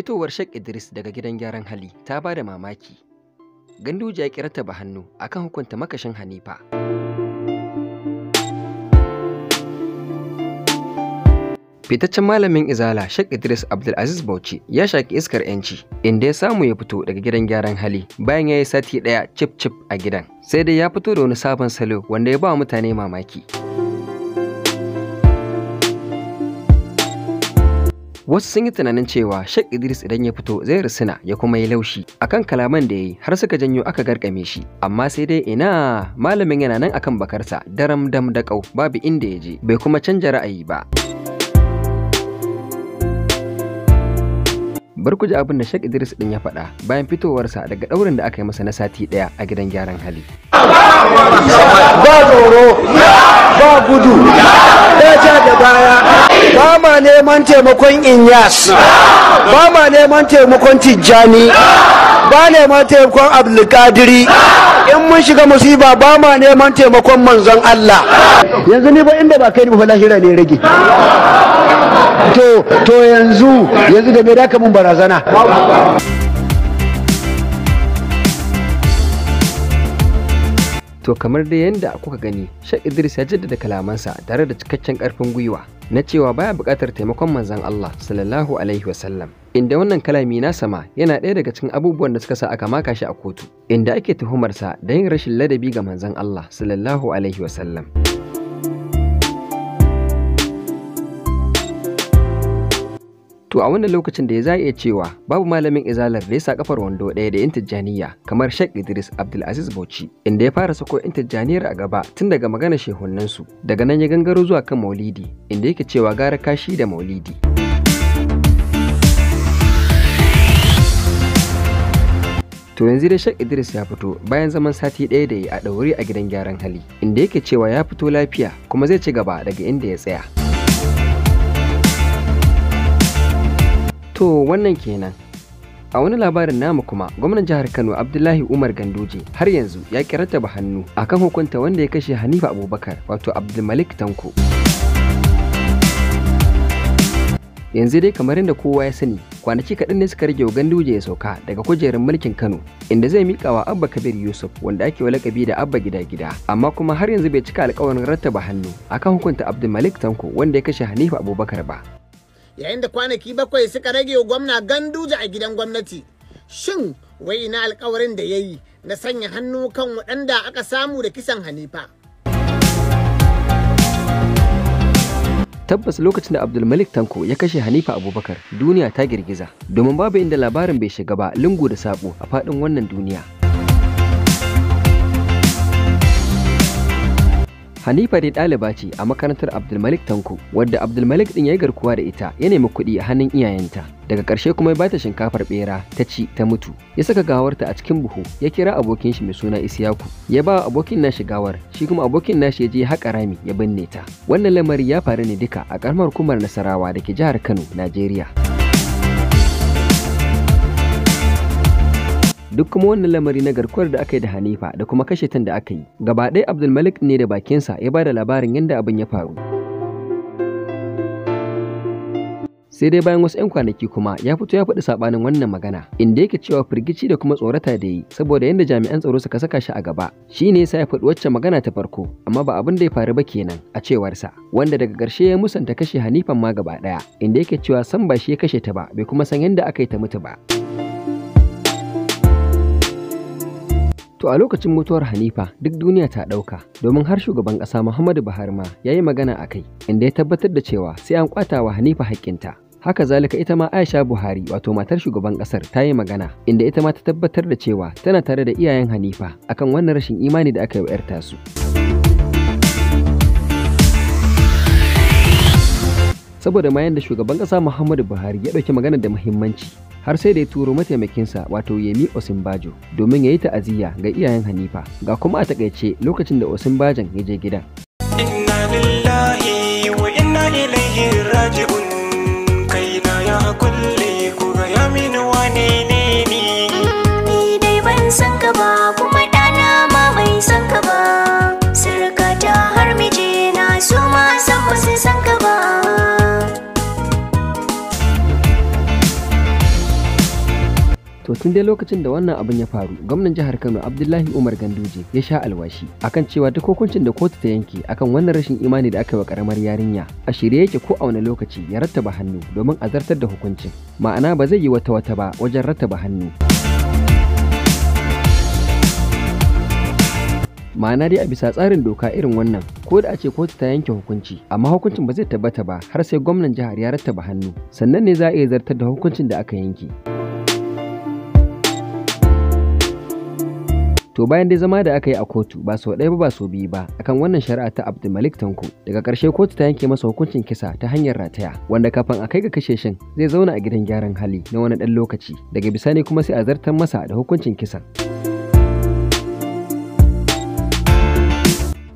Fitowar Sheikh Idris daga gidan gyaran hali ta ba da mamaki. Ganduja ya kirata ba hannu akan hukunta makashin Hanifa. Fitaccen malamin Izala Sheikh Idris Abdulaziz Bauchi ya shaki iskar ‘yanci, inda ya samu ya fito daga gidan gyaran hali bayan ya yi sati ɗaya cip-cip a gidan. Sai dai ya fito da wani sabon salo wanda ya ba mutane mamaki. Wasu sun yi tunanin cewa Sheikh Idris idan ya fito zai risina ya kuma yi laushi akan kalaman da ya yi har suka janyo aka garkame shi. Amma sai dai ina malamin yana nan akan bakarsa daram dam da kau babu inda ya je bai kuma canja ra'ayi ba. bar ku ji abin da Sheikh Idris din ya faɗa bayan fitowarsa daga ɗaurin da aka yi masa na sati ɗaya a gidan gyaran hali. ba gudu ya ja da baya ba ma neman taimakon inyas ba ma neman taimakon tijjani ba neman taimakon abdulkadiri in mun shiga musiba ba ma neman taimakon manzon Allah yanzu ni ba inda ba kai ni ba lahira ne rage to yanzu yanzu da me da mun barazana To kamar dai yadda kuka gani, Sheikh Idris ya jaddada kalamansa tare da cikakken ƙarfin gwiwa na cewa baya buƙatar taimakon manzon Allah sallallahu alaihi wasallam. Inda wannan kalami na sama yana ɗaya daga cikin abubuwan da suka sa aka maka shi a kotu, inda ake tuhumarsa da yin rashin ladabi ga manzon Allah sallallahu alaihi wasallam. To a wannan lokacin da ya za iya cewa babu malamin izalar da ya sa kafar wando ɗaya da yan tijjaniya kamar Sheikh Idris Abdulaziz Bauchi inda ya fara sako yan tijjaniyar a gaba tun daga magana su daga nan ya gangaro zuwa kan maulidi inda yake cewa gara kashi da maulidi. To yanzu dai Sheikh Idris ya fito bayan zaman sati ɗaya da ya a ɗauri a gidan gyaran hali, inda yake cewa ya fito lafiya kuma zai ci gaba daga inda ya tsaya. To wannan kenan. A wani labarin namu kuma gwamnan jihar Kano Abdullahi Umar Ganduje har yanzu ya kirattaba hannu akan hukunta wanda ya kashe Hanifa Abubakar wato Abdulmalik Tanko. yanzu dai kamar yadda kowa ya sani kwanaki kaɗan ne suka rage ganduje ya sauka daga kujerar mulkin kano inda zai miƙa wa abba kabir yusuf wanda ake wa lakabi da abba gida gida amma kuma har yanzu bai cika alƙawarin rattaba hannu akan hukunta abdulmalik tanko wanda ya kashe hanifa abubakar ba yayin da kwanaki bakwai suka rage wa gwamna ganduja a gidan gwamnati shin wai ina alkawarin da ya yi na sanya hannu kan waɗanda aka samu da kisan hanifa tabbas lokacin da abdulmalik tanko ya kashe hanifa abubakar duniya ta girgiza domin babu inda labarin bai shiga ba lungu da sabo a faɗin wannan duniya Hanifa dai ɗaliba ce a makarantar Abdulmalik Tanko wadda Abdulmalik ɗin ya yi garkuwa da ita ya nemi kuɗi a hannun iyayenta. Daga ƙarshe kuma ya bata shinkafar ɓera ta ci ta mutu. Ya saka gawarta a cikin buhu ya kira abokin shi mai suna Isiyaku. Ya ba abokin nashi gawar shi kuma abokin nashi ya je haƙa rami ya binne ta. Wannan lamari ya faru ne duka a ƙaramar hukumar Nasarawa da ke jihar Kano, Najeriya. duk kuma wannan lamari na garkuwar da aka yi da Hanifa da kuma kashe tan da aka yi gaba ɗaya Abdulmalik ne da bakinsa ya ba da labarin yadda abin ya faru sai dai bayan wasu 'yan kwanaki kuma ya fito ya faɗi saɓanin wannan magana inda yake cewa firgici da kuma tsorata da yi saboda yadda jami'an tsaro suka saka shi a gaba shi ne sa ya faɗi wacce magana ta farko amma ba abin da ya faru ba kenan a cewarsa wanda daga ƙarshe ya musanta kashe hanifan ma gaba ɗaya inda yake cewa san ba shi ya kashe ta ba bai kuma san yadda aka yi ta mutu ba. To a lokacin mutuwar Hanifa duk duniya ta ɗauka domin har shugaban ƙasa Muhammadu Buhari ma ya yi magana a kai inda ya tabbatar da cewa sai an kwata wa Hanifa haƙƙinta. Haka zalika ita ma Aisha Buhari wato matar shugaban ƙasar ta yi magana inda ita ma ta tabbatar da cewa tana tare da iyayen Hanifa akan wannan rashin imani da aka yi wa 'yar tasu. saboda ma yadda shugaban ƙasa Muhammadu Buhari ya ɗauki magana da muhimmanci har sai da ya turo mataimakinsa wato Yemi Osinbajo domin ya yi ta'aziyya ga iyayen Hanifa ga kuma a takaice lokacin da osimbajan ya je gidan. Inna lillahi wa tun dai lokacin da wannan abin ya faru gwamnan jihar kano abdullahi umar ganduje ya sha alwashi akan cewa duk hukuncin da kotu ta yanke akan wannan rashin imani da aka yi wa karamar yarinya a shirye yake ko a wani lokaci ya rattaba hannu domin a zartar da hukuncin ma'ana ba zai yi wata wata ba wajen rattaba hannu ma'ana dai a bisa tsarin doka irin wannan ko da a ce kotu ta yanke hukunci amma hukuncin ba zai tabbata ba har sai gwamnan jihar ya rattaba hannu sannan ne za a iya zartar da hukuncin da aka yanke. To bayan dai zama da aka yi a kotu ba sau ɗaya ba ba sau biyu ba akan wannan shari'a ta Abdulmalik Tanko daga ƙarshe kotu ta yanke masa hukuncin kisa ta hanyar rataya wanda kafin a kai ga kashe shin zai zauna a gidan gyaran hali na wani ɗan lokaci daga bisani kuma sai a zartar masa da hukuncin kisan.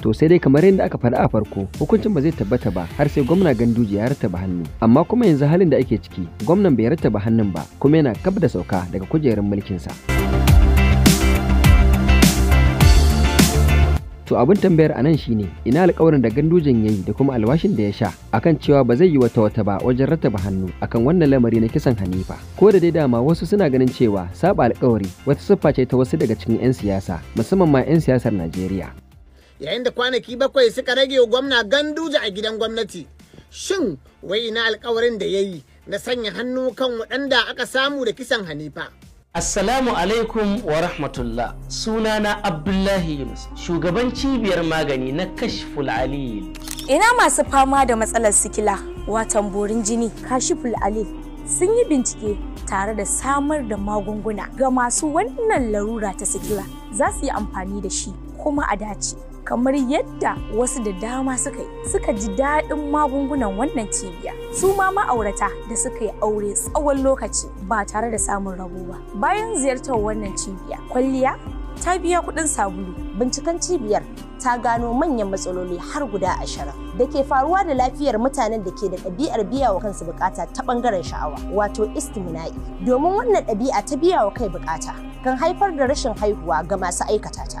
to sai dai kamar yadda aka faɗa a farko hukuncin ba zai tabbata ba har sai gwamna ganduje ya rattaba hannu amma kuma yanzu halin da ake ciki gwamnan bai rattaba hannun ba kuma yana kab da sauka daga kujerar mulkinsa. sa To abin tambayar a nan shine ina alƙawarin da ya yayi da kuma alwashin da ya sha akan cewa ba zai yi wata wata ba wajen rataba hannu akan wannan lamari na kisan Hanifa. Ko da dai dama wasu suna ganin cewa saba alƙawari wata siffa ce ta wasu daga cikin 'yan siyasa musamman ma 'yan siyasar Najeriya. Yayin da kwanaki bakwai suka rage wa gwamna ganduja a gidan gwamnati. Shin wai ina alƙawarin da yayi na sanya hannu kan waɗanda aka samu da kisan Hanifa. Assalamu alaikum wa rahmatullah sunana Abdullahi Yunus shugaban cibiyar magani na Kashful Alil. Ina masu fama da matsalar sikila watan borin jini kashiful Alil sun yi bincike tare da samar da magunguna ga masu wannan larura ta sikila za su yi amfani da shi kuma a dace kamar yadda wasu da dama suka yi suka ji daɗin magungunan wannan cibiya su ma ma'aurata da suka yi aure tsawon lokaci ba tare da samun rabo ba bayan ziyartar wannan cibiya kwalliya ta biya kuɗin sabulu binciken cibiyar ta gano manyan matsaloli har guda ashirin da ke faruwa da lafiyar mutanen da ke da ɗabi'ar biya wa kansu bukata ta ɓangaren sha'awa wato istimina'i domin wannan ɗabi'a ta biya wa kai bukata kan haifar da rashin haihuwa ga masu aikata ta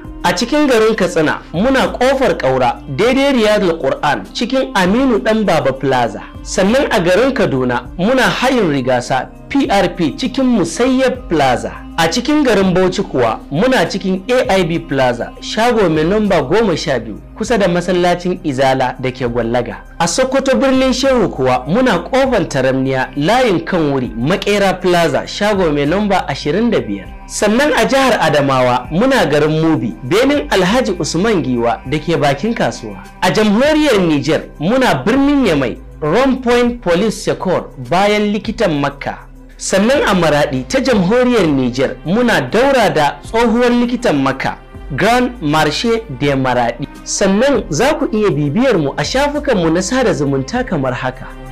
a cikin garin katsina muna kofar ƙaura daidai riyadul qur'an cikin aminu dan baba plaza sannan a garin kaduna muna hayin rigasa prp cikin musayyar plaza a cikin garin bauchi kuwa muna cikin aib plaza shago mai namba goma sha biyu kusa da masallacin izala da ke gwallaga a sokoto birnin shehu kuwa muna kofar taramniya layin kan wuri makera plaza shago mai namba 25 sannan a jihar adamawa muna garin mubi benin alhaji usman giwa da ke bakin kasuwa a jamhuriyar Nijar muna birnin yamai Rome Point Police Secor bayan likitan Makka. Sannan a Maraɗi ta jamhuriyar Nijar muna daura da tsohuwar likitan Makka Grand Marche de Maraɗi. Sannan za ku iya bibiyar mu a shafukanmu na sada zumunta kamar haka.